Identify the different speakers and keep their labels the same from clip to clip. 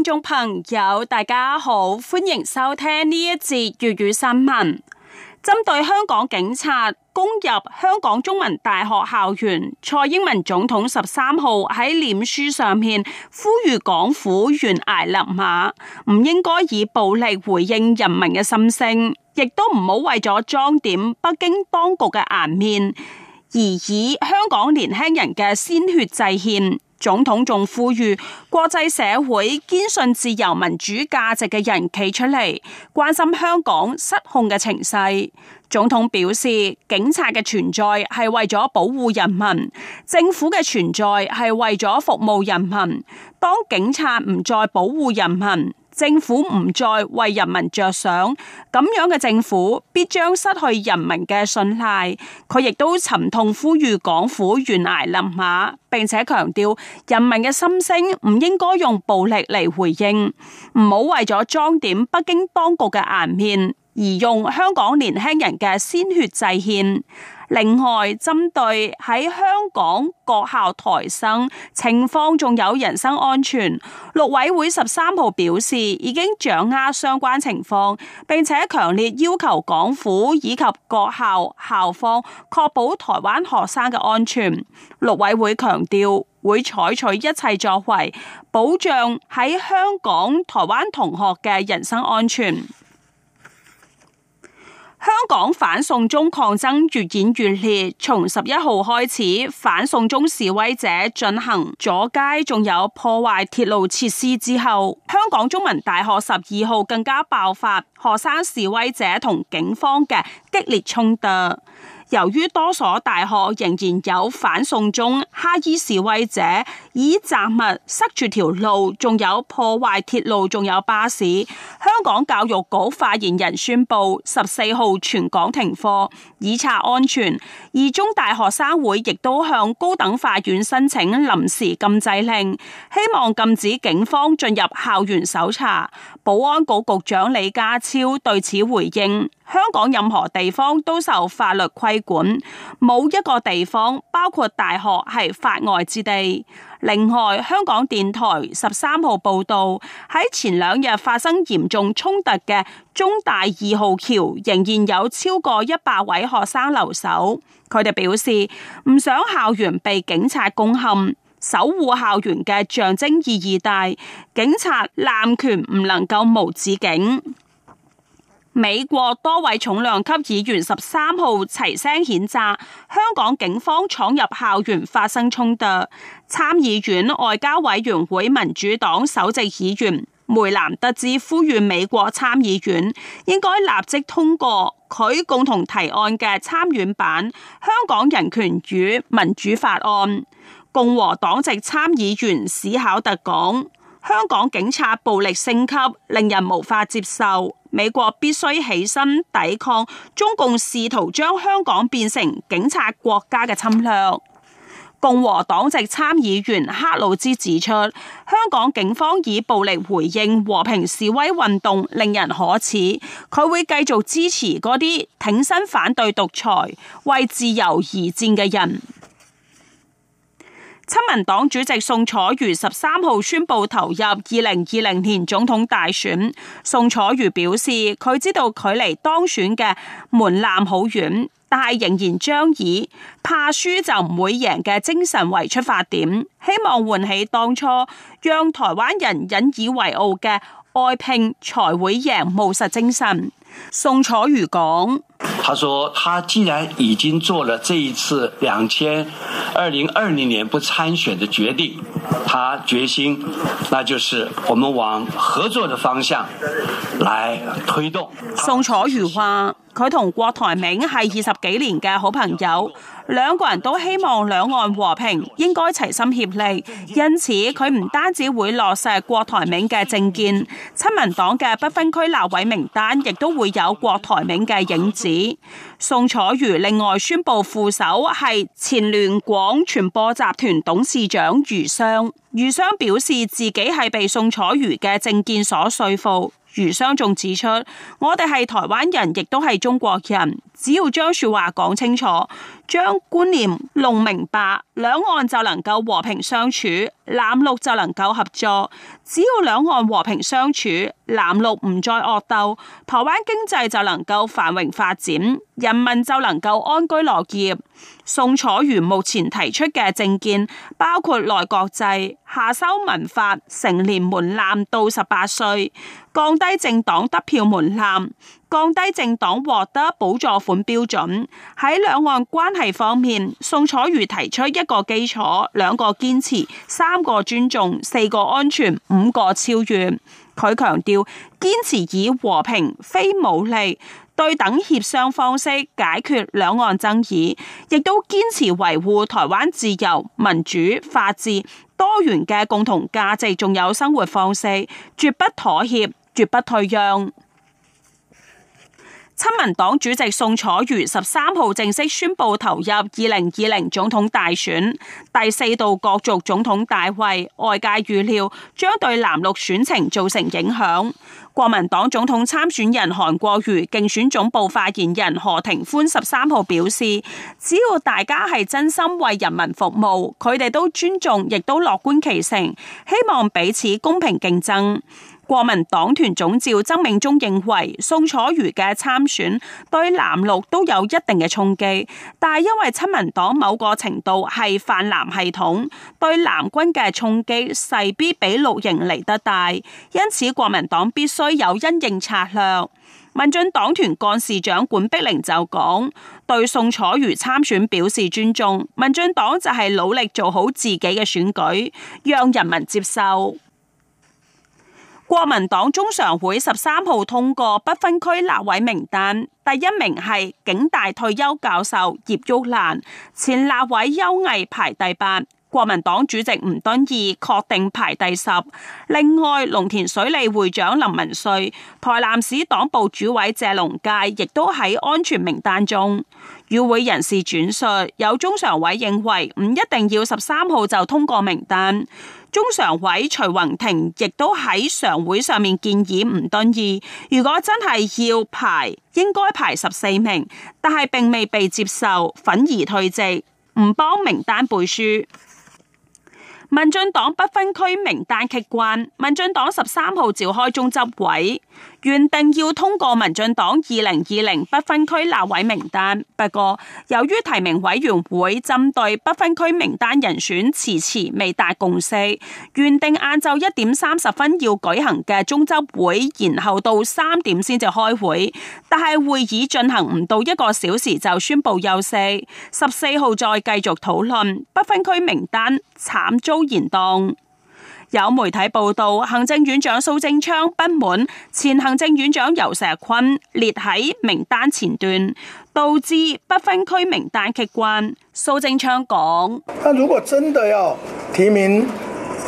Speaker 1: 聽眾朋友，大家好，歡迎收聽呢一節粵語新聞。針對香港警察攻入香港中文大學校園，蔡英文總統十三號喺臉書上面呼籲港府懸崖勒馬，唔應該以暴力回應人民嘅心聲，亦都唔好為咗裝點北京當局嘅顏面而以香港年輕人嘅鮮血祭獻。總統仲呼籲國際社會堅信自由民主價值嘅人企出嚟關心香港失控嘅情勢。總統表示，警察嘅存在係為咗保護人民，政府嘅存在係為咗服務人民。當警察唔再保護人民，政府唔再為人民着想，咁樣嘅政府必將失去人民嘅信賴。佢亦都沉痛呼籲港府懸崖勒馬，並且強調人民嘅心聲唔應該用暴力嚟回應，唔好為咗裝點北京當局嘅顏面而用香港年輕人嘅鮮血祭獻。另外，針對喺香港各校台生情況，仲有人身安全，陸委會十三號表示已經掌握相關情況，並且強烈要求港府以及各校校方確保台灣學生嘅安全。陸委會強調會採取一切作為，保障喺香港台灣同學嘅人身安全。香港反送中抗爭越演越烈，從十一號開始，反送中示威者進行阻街，仲有破壞鐵路設施之後，香港中文大學十二號更加爆發學生示威者同警方嘅激烈衝突。由於多所大學仍然有反送中、黑衣示威者以雜物塞住條路，仲有破壞鐵路，仲有巴士。香港教育局發言人宣布十四號全港停課，以查安全。而中大學生會亦都向高等法院申請臨時禁制令，希望禁止警方進入校園搜查。保安局局長李家超對此回應。香港任何地方都受法律規管，冇一個地方包括大學係法外之地。另外，香港電台十三號報道，喺前兩日發生嚴重衝突嘅中大二號橋，仍然有超過一百位學生留守。佢哋表示唔想校園被警察攻陷，守護校園嘅象徵意義大，警察濫權唔能夠無止境。美國多位重量級議員十三號齊聲譴責香港警方闖入校園發生衝突。參議院外交委員會民主黨首席議員梅南特茲呼籲美國參議院應該立即通過佢共同提案嘅參院版《香港人權與民主法案》。共和黨籍參議員史考特講。香港警察暴力升級，令人無法接受。美國必須起身抵抗中共試圖將香港變成警察國家嘅侵略。共和黨籍參議員克魯茲指出，香港警方以暴力回應和平示威運動，令人可恥。佢會繼續支持嗰啲挺身反對獨裁、為自由而戰嘅人。親民黨主席宋楚瑜十三號宣布投入二零二零年總統大選。宋楚瑜表示，佢知道距離當選嘅門檻好遠，但係仍然將以怕輸就唔會贏嘅精神為出發點，希望喚起當初讓台灣人引以為傲嘅愛拼才會贏務實精神。宋楚瑜講。他說，他既然已經做了這一次兩千二零二零年不參選的決定，他決心，那就是我們往合作的方向來推動。宋楚瑜話，佢同郭台銘係二十幾年嘅好朋友，兩個人都希望兩岸和平，應該齊心協力，因此佢唔單止會落實郭台銘嘅政見，親民黨嘅不分區立委名單亦都會有郭台銘嘅影子。宋楚瑜另外宣布副手係前聯廣傳播集團董事長余湘，余湘表示自己係被宋楚瑜嘅政見所說服。余湘仲指出，我哋係台灣人，亦都係中國人，只要將說話講清楚。將觀念弄明白，兩岸就能夠和平相處，藍綠就能夠合作。只要兩岸和平相處，藍綠唔再惡鬥，台灣經濟就能夠繁榮發展，人民就能夠安居樂業。宋楚瑜目前提出嘅政見包括內閣制、下修民法成年門檻到十八歲、降低政黨得票門檻。降低政黨獲得補助款標準。喺兩岸關係方面，宋楚瑜提出一個基礎、兩個堅持、三個尊重、四個安全、五個超越。佢強調，堅持以和平、非武力、對等協商方式解決兩岸爭議，亦都堅持維護台灣自由、民主、法治、多元嘅共同價值，仲有生活方式，絕不妥協，絕不退讓。親民黨主席宋楚瑜十三號正式宣布投入二零二零總統大選，第四度角逐總統大位，外界預料將對藍綠選情造成影響。國民黨總統參選人韓國瑜競選總部發言人何庭歡十三號表示，只要大家係真心為人民服務，佢哋都尊重，亦都樂觀其成，希望彼此公平競爭。國民黨團總召曾銘宗認為，宋楚瑜嘅參選對藍綠都有一定嘅衝擊，但係因為親民黨某個程度係泛藍系統，對藍軍嘅衝擊勢必比綠營嚟得大，因此國民黨必須有因應策略。民進黨團幹事長管碧玲就講，對宋楚瑜參選表示尊重，民進黨就係努力做好自己嘅選舉，讓人民接受。國民黨中常會十三號通過不分區立委名單，第一名係警大退休教授葉毓蘭，前立委邱毅排第八，國民黨主席吳敦義確定排第十。另外，農田水利會長林文瑞、台南市黨部主委謝龍介亦都喺安全名單中。與會人士轉述，有中常委認為唔一定要十三號就通過名單。中常委徐宏庭亦都喺常會上面建議吳敦義，如果真係要排，應該排十四名，但係並未被接受，反而退席，唔幫名單背書，民進黨不分區名單卡關，民進黨十三號召開中執委。原定要通過民進黨二零二零不分區立委名單，不過由於提名委員會針對不分區名單人選遲遲未達共識，原定晏晝一點三十分要舉行嘅中執會，然後到三點先至開會，但係會議進行唔到一個小時就宣布休息，十四號再繼續討論不分區名單慘，慘遭延宕。有媒體報道，行政院長蘇貞昌不滿前行政院長游錫堃列喺名單前段，導致不分區名單卡關。蘇貞昌講：如果真的要提名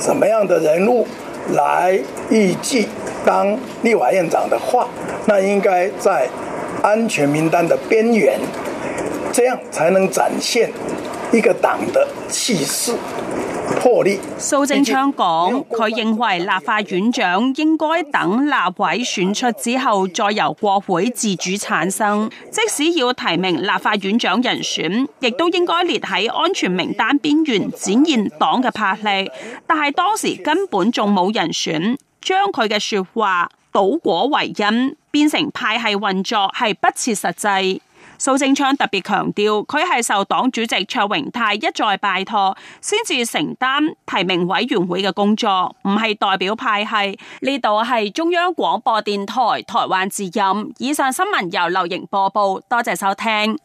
Speaker 1: 什麼樣的人物來預計當立法院長的話，那應該在安全名單的邊緣，這樣才能展現一個黨的氣勢。蘇貞昌講：，佢認為立法院長應該等立委選出之後，再由國會自主產生。即使要提名立法院長人選，亦都應該列喺安全名單邊緣，展現黨嘅魄力。但係當時根本仲冇人選，將佢嘅說話倒果為因，變成派系運作，係不切實際。蘇貞昌特別強調，佢係受黨主席卓榮泰一再拜託，先至承擔提名委員會嘅工作，唔係代表派系。呢度係中央廣播電台台灣之音，以上新聞由劉瑩播報，多謝收聽。